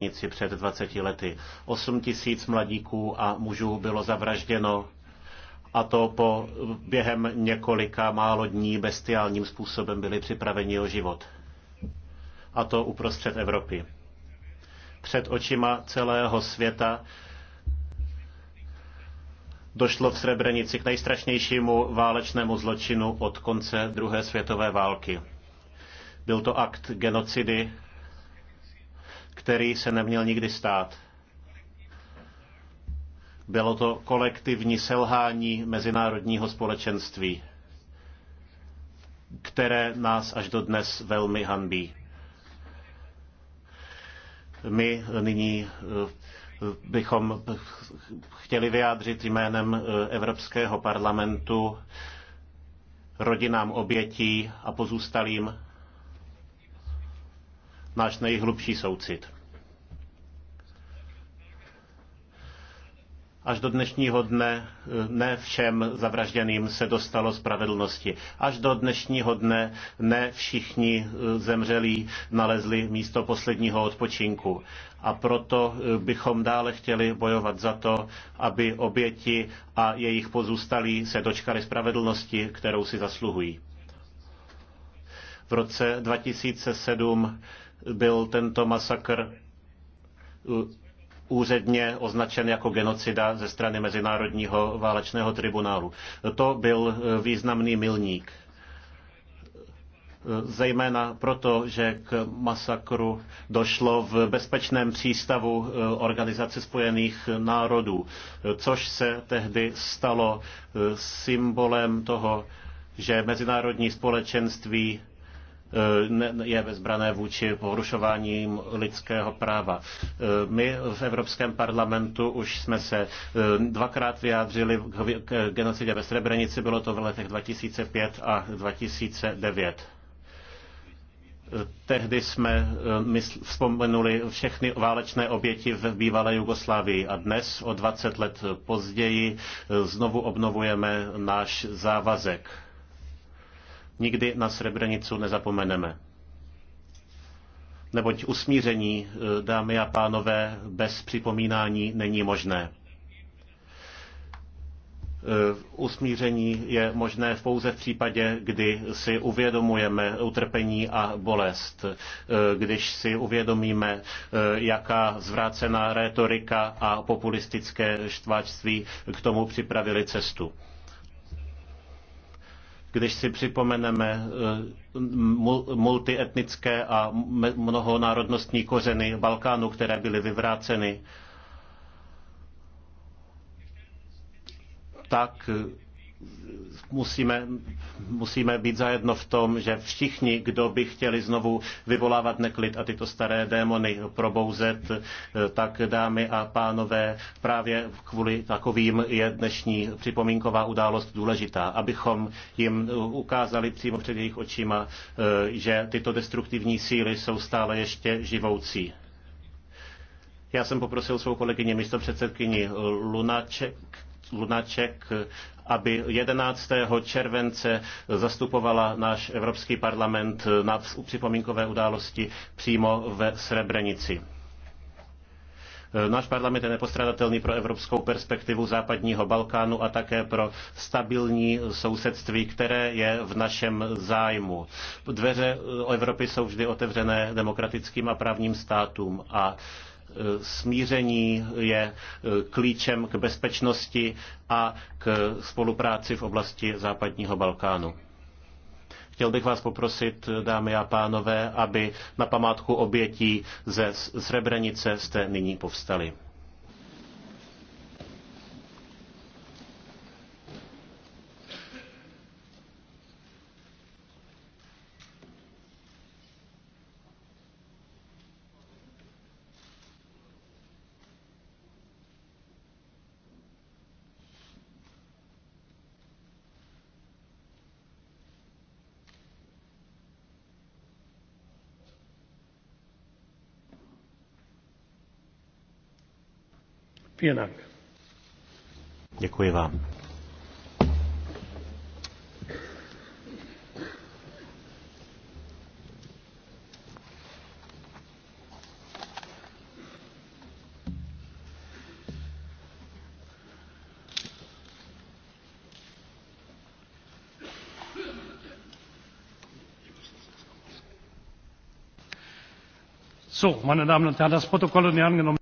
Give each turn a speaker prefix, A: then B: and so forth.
A: Nici před 20 lety. 8 tisíc mladíků a mužů bylo zavražděno a to po během několika málo dní bestiálním způsobem byli připraveni o život. A to uprostřed Evropy. Před očima celého světa došlo v Srebrenici k nejstrašnějšímu válečnému zločinu od konce druhé světové války. Byl to akt genocidy který se neměl nikdy stát. Bylo to kolektivní selhání mezinárodního společenství, které nás až do dnes velmi hanbí. My nyní eh, bychom chtěli vyjádřit jménem eh, Evropského parlamentu rodinám obětí a pozůstalým náš nejhlubší soucit. Až do dnešního dne ne všem zavražděným se dostalo spravedlnosti. Až do dnešního dne ne všichni eh, zemřelí nalezli místo posledního odpočinku. A proto eh, bychom dále chtěli bojovat za to, aby oběti a jejich pozůstalí se dočkali spravedlnosti, kterou si zasluhují. V roce 2007 byl tento masakr úředně označen jako genocida ze strany Mezinárodního válečného tribunálu. To byl e, významný milník. E, zejména proto, že k masakru došlo v bezpečném přístavu e, Organizace spojených národů, což se tehdy stalo symbolem toho, že mezinárodní společenství Eh, je bezbrané vůči porušování lidského práva. Eh, my v Evropském parlamentu už jsme se eh, dvakrát vyjádřili k genocidě ve Srebrenici, bylo to v letech 2005 a 2009. Tehdy jsme vzpomenuli všechny válečné oběti v bývalé Jugoslávii a dnes, o 20 let později, znovu obnovujeme náš závazek Nikdy na Srebrenicu nezapomeneme. Neboť usmíření, e, dámy a pánové, bez připomínání není možné e, usmíření je možné pouze v případě, kdy si uvědomujeme utrpení a bolest, e, když si uvědomíme, jaká zvrácená rétorika a populistické štváčství k tomu připravili cestu. Když si připomeneme eh, multietnické a mnohonárodnostní kořeny Balkánu, které byly vyvráceny, tak musíme, musíme být zajedno v tom, že všichni, kdo by chtěli znovu vyvolávat neklid a tyto staré démony probouzet, eh, tak dámy a pánové, právě kvůli takovým je dnešní připomínková událost důležitá, abychom jim ukázali přímo před jejich očima, eh, že tyto destruktivní síly jsou stále ještě živoucí. Já jsem poprosil svou kolegyni místo předsedkyni Lunaček, Lunaček, aby 11. července zastupovala náš Evropský parlament na připomínkové události přímo ve Srebrenici. Náš parlament je nepostradatelný pro evropskou perspektivu západního Balkánu a také pro stabilní sousedství, které je v našem zájmu. Dveře Evropy jsou vždy otevřené demokratickým a právním státům a Eh, smíření je eh, klíčem k bezpečnosti a k spolupráci v oblasti západního Balkánu. Chtěl bych vás poprosit, dámy a pánové, aby na památku obětí ze Srebrenice jste nyní povstali. Vielen Dank. Děkuji vám. meine damen und herren das protokoll und die angenommenen